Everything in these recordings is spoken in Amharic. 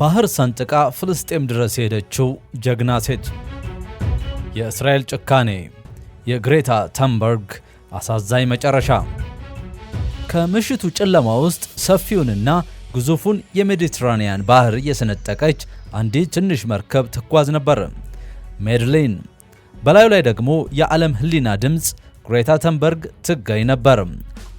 ባህር ሰንጥቃ ፍልስጤም ድረስ የሄደችው ጀግና ሴት። የእስራኤል ጭካኔ፣ የግሬታ ተንበርግ አሳዛኝ መጨረሻ። ከምሽቱ ጨለማ ውስጥ ሰፊውንና ግዙፉን የሜዲትራኒያን ባህር እየሰነጠቀች አንዲት ትንሽ መርከብ ትጓዝ ነበር፣ ሜድሊን። በላዩ ላይ ደግሞ የዓለም ሕሊና ድምፅ ግሬታ ተንበርግ ትገኝ ነበር።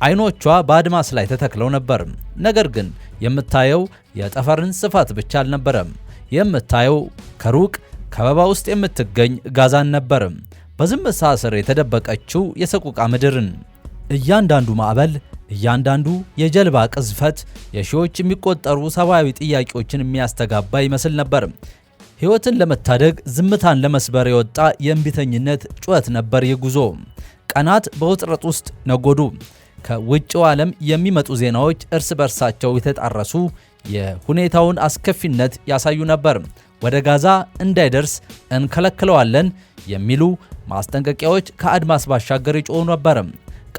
አይኖቿ በአድማስ ላይ ተተክለው ነበር። ነገር ግን የምታየው የጠፈርን ስፋት ብቻ አልነበረም። የምታየው ከሩቅ ከበባ ውስጥ የምትገኝ ጋዛን ነበር፣ በዝምታ ስር የተደበቀችው የሰቁቃ ምድርን። እያንዳንዱ ማዕበል፣ እያንዳንዱ የጀልባ ቅዝፈት የሺዎች የሚቆጠሩ ሰብአዊ ጥያቄዎችን የሚያስተጋባ ይመስል ነበር። ሕይወትን ለመታደግ ዝምታን ለመስበር የወጣ የእንቢተኝነት ጩኸት ነበር የጉዞ ቀናት በውጥረት ውስጥ ነጎዱ። ከውጭው ዓለም የሚመጡ ዜናዎች እርስ በርሳቸው የተጣረሱ የሁኔታውን አስከፊነት ያሳዩ ነበር። ወደ ጋዛ እንዳይደርስ እንከለክለዋለን የሚሉ ማስጠንቀቂያዎች ከአድማስ ባሻገር ይጮሁ ነበር።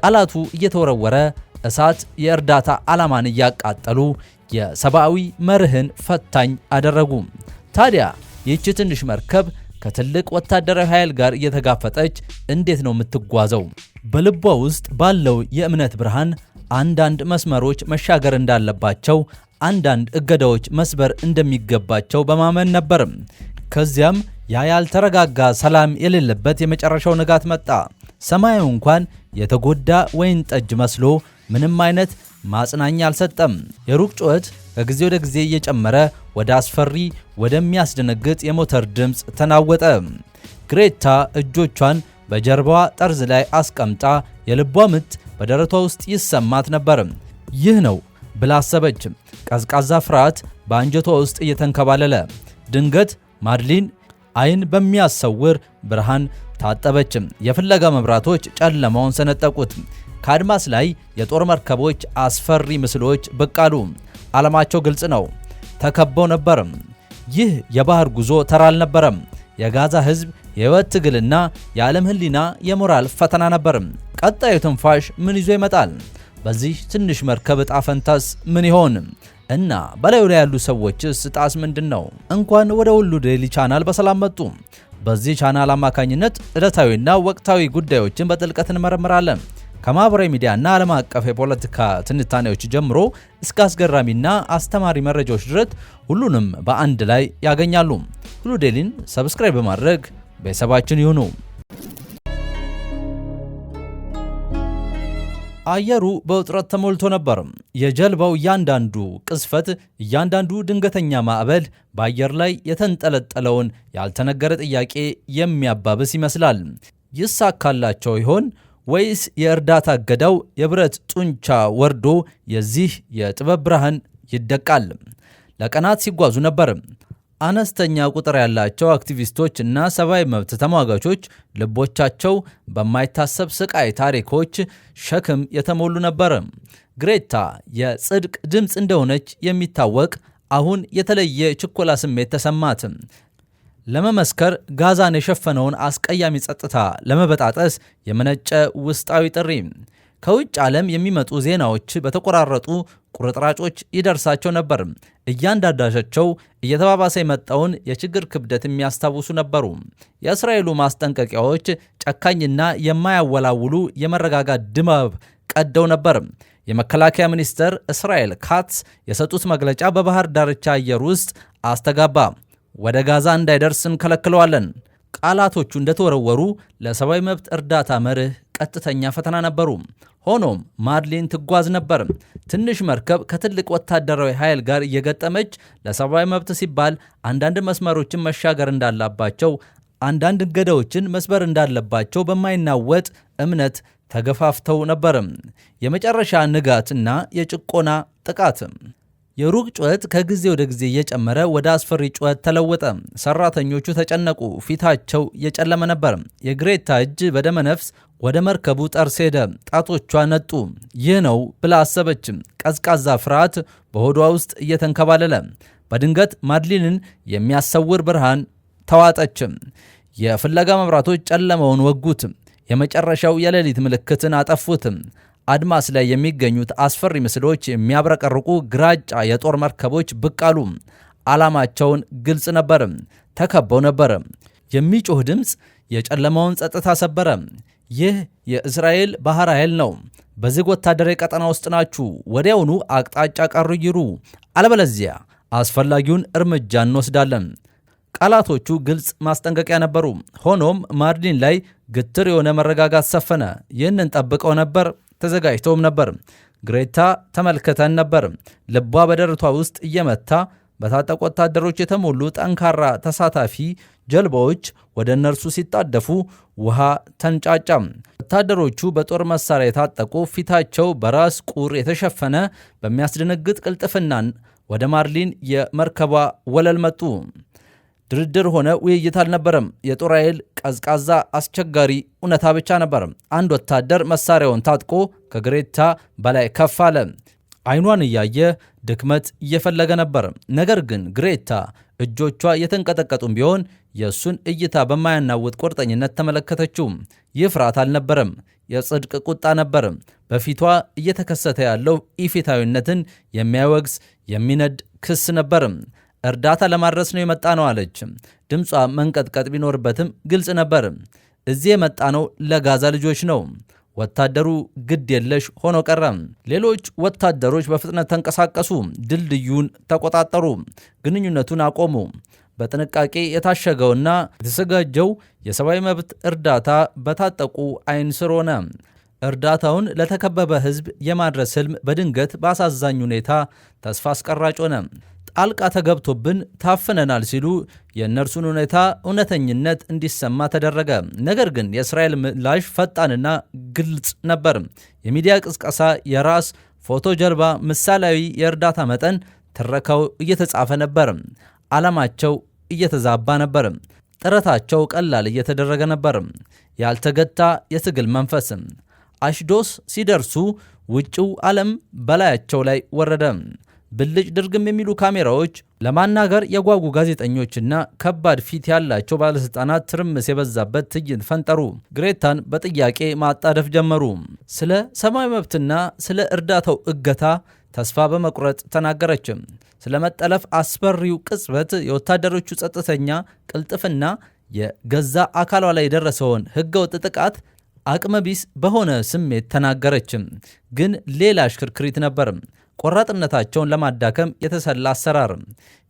ቃላቱ እየተወረወረ እሳት የእርዳታ ዓላማን እያቃጠሉ የሰብአዊ መርህን ፈታኝ አደረጉ። ታዲያ ይህች ትንሽ መርከብ ከትልቅ ወታደራዊ ኃይል ጋር እየተጋፈጠች እንዴት ነው የምትጓዘው? በልቧ ውስጥ ባለው የእምነት ብርሃን አንዳንድ መስመሮች መሻገር እንዳለባቸው፣ አንዳንድ እገዳዎች መስበር እንደሚገባቸው በማመን ነበር። ከዚያም ያ ያልተረጋጋ ሰላም የሌለበት የመጨረሻው ንጋት መጣ። ሰማዩ እንኳን የተጎዳ ወይን ጠጅ መስሎ ምንም አይነት ማጽናኛ አልሰጠም። የሩቅ ጩኸት ከጊዜ ወደ ጊዜ እየጨመረ ወደ አስፈሪ ወደሚያስደነግጥ የሞተር ድምፅ ተናወጠ። ግሬታ እጆቿን በጀርባዋ ጠርዝ ላይ አስቀምጣ የልቧ ምት በደረቷ ውስጥ ይሰማት ነበር። ይህ ነው ብላ አሰበች። ቀዝቃዛ ፍርሃት በአንጀቷ ውስጥ እየተንከባለለ ድንገት ማድሊን አይን በሚያሰውር ብርሃን ታጠበች። የፍለጋ መብራቶች ጨለማውን ሰነጠቁት። ከአድማስ ላይ የጦር መርከቦች አስፈሪ ምስሎች ብቅ አሉ። ዓላማቸው ግልጽ ነው። ተከበው ነበርም። ይህ የባህር ጉዞ ተራ አልነበረም። የጋዛ ህዝብ የህይወት ትግልና የዓለም ህሊና የሞራል ፈተና ነበርም። ቀጣዩ ትንፋሽ ምን ይዞ ይመጣል? በዚህ ትንሽ መርከብ እጣ ፈንታስ ምን ይሆን እና በላዩ ላይ ያሉ ሰዎችስ እጣስ ምንድን ነው? እንኳን ወደ ሁሉ ዴይሊ ቻናል በሰላም መጡ። በዚህ ቻናል አማካኝነት ዕለታዊና ወቅታዊ ጉዳዮችን በጥልቀት እንመረምራለን። ከማህበራዊ ሚዲያ እና ዓለም አቀፍ የፖለቲካ ትንታኔዎች ጀምሮ እስከ አስገራሚና አስተማሪ መረጃዎች ድረስ ሁሉንም በአንድ ላይ ያገኛሉ። ሁሉ ዴይሊን ሰብስክራይብ በማድረግ ቤተሰባችን ይሁኑ። አየሩ በውጥረት ተሞልቶ ነበር። የጀልባው እያንዳንዱ ቅዝፈት፣ እያንዳንዱ ድንገተኛ ማዕበል በአየር ላይ የተንጠለጠለውን ያልተነገረ ጥያቄ የሚያባብስ ይመስላል። ይሳካላቸው ይሆን? ወይስ የእርዳታ እገዳው የብረት ጡንቻ ወርዶ የዚህ የጥበብ ብርሃን ይደቃል? ለቀናት ሲጓዙ ነበር። አነስተኛ ቁጥር ያላቸው አክቲቪስቶች እና ሰብአዊ መብት ተሟጋቾች ልቦቻቸው በማይታሰብ ስቃይ ታሪኮች ሸክም የተሞሉ ነበር። ግሬታ የጽድቅ ድምፅ እንደሆነች የሚታወቅ አሁን የተለየ ችኮላ ስሜት ተሰማት። ለመመስከር ጋዛን የሸፈነውን አስቀያሚ ጸጥታ ለመበጣጠስ የመነጨ ውስጣዊ ጥሪ። ከውጭ ዓለም የሚመጡ ዜናዎች በተቆራረጡ ቁርጥራጮች ይደርሳቸው ነበር። እያንዳንዳቸው እየተባባሰ የመጣውን የችግር ክብደት የሚያስታውሱ ነበሩ። የእስራኤሉ ማስጠንቀቂያዎች ጨካኝና የማያወላውሉ የመረጋጋት ድባብ ቀደው ነበር። የመከላከያ ሚኒስትር እስራኤል ካትስ የሰጡት መግለጫ በባህር ዳርቻ አየር ውስጥ አስተጋባ። ወደ ጋዛ እንዳይደርስ እንከለክለዋለን። ቃላቶቹ እንደተወረወሩ ለሰብአዊ መብት እርዳታ መርህ ቀጥተኛ ፈተና ነበሩ። ሆኖም ማድሊን ትጓዝ ነበር። ትንሽ መርከብ ከትልቅ ወታደራዊ ኃይል ጋር እየገጠመች ለሰብአዊ መብት ሲባል አንዳንድ መስመሮችን መሻገር እንዳላባቸው፣ አንዳንድ እገዳዎችን መስበር እንዳለባቸው በማይናወጥ እምነት ተገፋፍተው ነበር። የመጨረሻ ንጋት እና የጭቆና ጥቃት የሩቅ ጩኸት ከጊዜ ወደ ጊዜ እየጨመረ ወደ አስፈሪ ጩኸት ተለወጠ። ሰራተኞቹ ተጨነቁ፣ ፊታቸው እየጨለመ ነበር። የግሬታ እጅ በደመነፍስ ወደ መርከቡ ጠርስ ሄደ፣ ጣቶቿ ነጡ። ይህ ነው ብላ አሰበች። ቀዝቃዛ ፍርሃት በሆዷ ውስጥ እየተንከባለለ፣ በድንገት ማድሊንን የሚያሰውር ብርሃን ተዋጠች። የፍለጋ መብራቶች ጨለመውን ወጉት። የመጨረሻው የሌሊት ምልክትን አጠፉት። አድማስ ላይ የሚገኙት አስፈሪ ምስሎች የሚያብረቀርቁ ግራጫ የጦር መርከቦች ብቅ አሉ። ዓላማቸውን ግልጽ ነበር። ተከበው ነበር። የሚጮህ ድምፅ የጨለማውን ጸጥታ ሰበረ። ይህ የእስራኤል ባህር ኃይል ነው። በዝግ ወታደራዊ ቀጠና ውስጥ ናችሁ። ወዲያውኑ አቅጣጫ ይሩ፣ አለበለዚያ አስፈላጊውን እርምጃ እንወስዳለን። ቃላቶቹ ግልጽ ማስጠንቀቂያ ነበሩ። ሆኖም ማርዲን ላይ ግትር የሆነ መረጋጋት ሰፈነ። ይህንን ጠብቀው ነበር? ተዘጋጅተውም ነበር። ግሬታ ተመልክተን ነበር። ልቧ በደረቷ ውስጥ እየመታ በታጠቁ ወታደሮች የተሞሉ ጠንካራ ተሳታፊ ጀልባዎች ወደ እነርሱ ሲጣደፉ ውሃ ተንጫጫ። ወታደሮቹ በጦር መሳሪያ የታጠቁ ፊታቸው በራስ ቁር የተሸፈነ በሚያስደነግጥ ቅልጥፍናን ወደ ማርሊን የመርከቧ ወለል መጡ። ድርድር ሆነ ውይይት አልነበረም። የጦር ኃይል ቀዝቃዛ አስቸጋሪ እውነታ ብቻ ነበር። አንድ ወታደር መሳሪያውን ታጥቆ ከግሬታ በላይ ከፍ አለ። አይኗን እያየ ድክመት እየፈለገ ነበር። ነገር ግን ግሬታ እጆቿ የተንቀጠቀጡም ቢሆን የእሱን እይታ በማያናውጥ ቁርጠኝነት ተመለከተችው። ይህ ፍርሃት አልነበረም፣ የጽድቅ ቁጣ ነበር። በፊቷ እየተከሰተ ያለው ኢፊታዊነትን የሚያወግዝ የሚነድ ክስ ነበር። እርዳታ ለማድረስ ነው የመጣ ነው አለች። ድምጿ መንቀጥቀጥ ቢኖርበትም ግልጽ ነበር። እዚህ የመጣ ነው ለጋዛ ልጆች ነው። ወታደሩ ግድ የለሽ ሆኖ ቀረ። ሌሎች ወታደሮች በፍጥነት ተንቀሳቀሱ፣ ድልድዩን ተቆጣጠሩ፣ ግንኙነቱን አቆሙ። በጥንቃቄ የታሸገውና የተዘጋጀው የሰብአዊ መብት እርዳታ በታጠቁ አይን ስር ሆነ። እርዳታውን ለተከበበ ሕዝብ የማድረስ ህልም በድንገት በአሳዛኝ ሁኔታ ተስፋ አስቀራጭ ሆነ። ጣልቃ ተገብቶብን ታፍነናል ሲሉ የእነርሱን ሁኔታ እውነተኝነት እንዲሰማ ተደረገ። ነገር ግን የእስራኤል ምላሽ ፈጣንና ግልጽ ነበር። የሚዲያ ቅስቀሳ፣ የራስ ፎቶ ጀርባ፣ ምሳሌያዊ የእርዳታ መጠን፣ ትረካው እየተጻፈ ነበር። ዓላማቸው እየተዛባ ነበር። ጥረታቸው ቀላል እየተደረገ ነበር። ያልተገታ የትግል መንፈስ። አሽዶስ ሲደርሱ ውጭው ዓለም በላያቸው ላይ ወረደ። ብልጭ ድርግም የሚሉ ካሜራዎች ለማናገር የጓጉ ጋዜጠኞችና ከባድ ፊት ያላቸው ባለስልጣናት ትርምስ የበዛበት ትዕይንት ፈንጠሩ። ግሬታን በጥያቄ ማጣደፍ ጀመሩ። ስለ ሰብአዊ መብትና ስለ እርዳታው እገታ ተስፋ በመቁረጥ ተናገረችም። ስለ መጠለፍ አስፈሪው ቅጽበት፣ የወታደሮቹ ጸጥተኛ ቅልጥፍና፣ የገዛ አካሏ ላይ የደረሰውን ህገወጥ ጥቃት አቅመቢስ በሆነ ስሜት ተናገረችም። ግን ሌላ ሽክርክሪት ነበር። ቆራጥነታቸውን ለማዳከም የተሰላ አሰራር።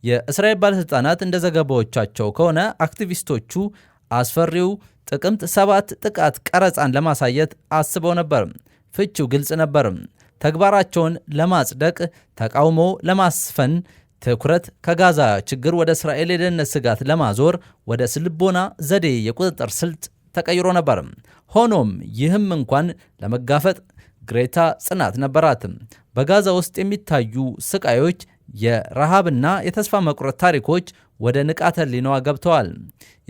የእስራኤል ባለሥልጣናት እንደ ዘገባዎቻቸው ከሆነ አክቲቪስቶቹ አስፈሪው ጥቅምት ሰባት ጥቃት ቀረጻን ለማሳየት አስበው ነበር። ፍቺው ግልጽ ነበር። ተግባራቸውን ለማጽደቅ፣ ተቃውሞ ለማስፈን፣ ትኩረት ከጋዛ ችግር ወደ እስራኤል የደህንነት ስጋት ለማዞር ወደ ስልቦና ዘዴ የቁጥጥር ስልት ተቀይሮ ነበር። ሆኖም ይህም እንኳን ለመጋፈጥ ግሬታ ጽናት ነበራት። በጋዛ ውስጥ የሚታዩ ስቃዮች፣ የረሃብና የተስፋ መቁረጥ ታሪኮች ወደ ንቃተ ህሊናዋ ገብተዋል።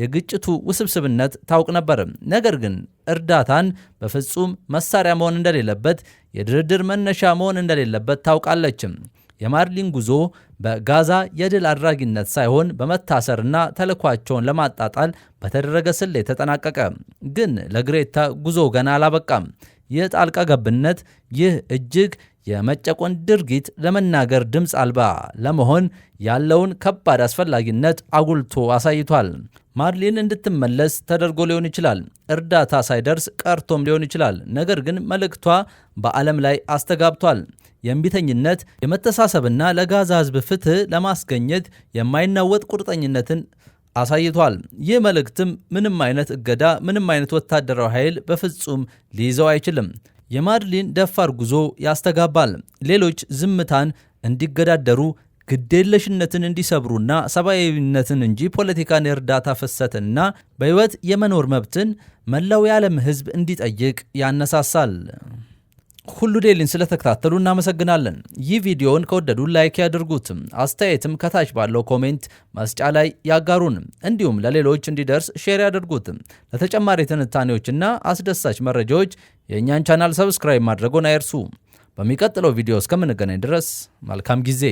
የግጭቱ ውስብስብነት ታውቅ ነበር። ነገር ግን እርዳታን በፍጹም መሳሪያ መሆን እንደሌለበት፣ የድርድር መነሻ መሆን እንደሌለበት ታውቃለች የማርሊን ጉዞ በጋዛ የድል አድራጊነት ሳይሆን በመታሰርና ተልኳቸውን ለማጣጣል በተደረገ ስሌ ተጠናቀቀ። ግን ለግሬታ ጉዞ ገና አላበቃም። ይህ ጣልቃ ገብነት፣ ይህ እጅግ የመጨቆን ድርጊት ለመናገር ድምፅ አልባ ለመሆን ያለውን ከባድ አስፈላጊነት አጉልቶ አሳይቷል። ማድሊን እንድትመለስ ተደርጎ ሊሆን ይችላል። እርዳታ ሳይደርስ ቀርቶም ሊሆን ይችላል። ነገር ግን መልእክቷ በዓለም ላይ አስተጋብቷል። የእምቢተኝነት፣ የመተሳሰብና ለጋዛ ሕዝብ ፍትህ ለማስገኘት የማይናወጥ ቁርጠኝነትን አሳይቷል። ይህ መልእክትም ምንም አይነት እገዳ፣ ምንም አይነት ወታደራዊ ኃይል በፍጹም ሊይዘው አይችልም። የማድሊን ደፋር ጉዞ ያስተጋባል። ሌሎች ዝምታን እንዲገዳደሩ ግዴለሽነትን እንዲሰብሩና ሰብአዊነትን እንጂ ፖለቲካን፣ የእርዳታ ፍሰትና በሕይወት የመኖር መብትን መላው የዓለም ሕዝብ እንዲጠይቅ ያነሳሳል። ሁሉ ዴይሊን ስለተከታተሉ እናመሰግናለን። ይህ ቪዲዮውን ከወደዱ ላይክ ያድርጉት። አስተያየትም ከታች ባለው ኮሜንት መስጫ ላይ ያጋሩን። እንዲሁም ለሌሎች እንዲደርስ ሼር ያድርጉት። ለተጨማሪ ትንታኔዎችና አስደሳች መረጃዎች የእኛን ቻናል ሰብስክራይብ ማድረጎን አይርሱ። በሚቀጥለው ቪዲዮ እስከምንገናኝ ድረስ መልካም ጊዜ